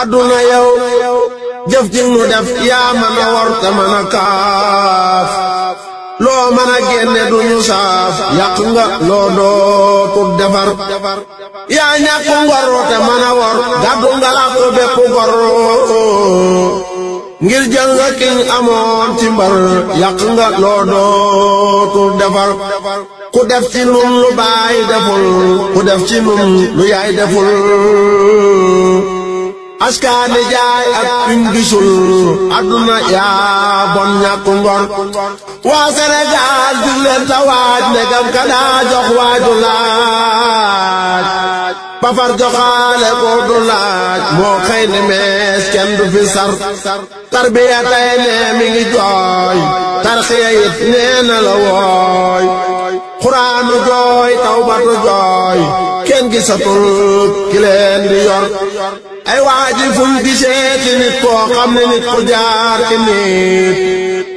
adduna yow jëf ji nu def yaa mën a wor te a kaaf loo mën a génne duñu saaf yàq nga loo defar yaa ñàkk ngor te a wor gàddu nga làq bépp ngir jël nga kiñ amoon ci mbar yàq nga loo defar ku def ci nun lu baay deful ku def ci nun lu yaay deful askaani jaay ak pim gisul adduna yaa bon ñàkk ngor waa Sénégal jug leen ta waaj negam ka daa jox waaju laaj bafar joxaale ko du laaj moo xëy mees kenn du fi sar tarbiya mi ngi jooy tarxiya it nee na wooy xuraanu jooy tawbatu jooy kenn gisatul ki leen di أي واجف بزيت نتوقع من القدار كنيت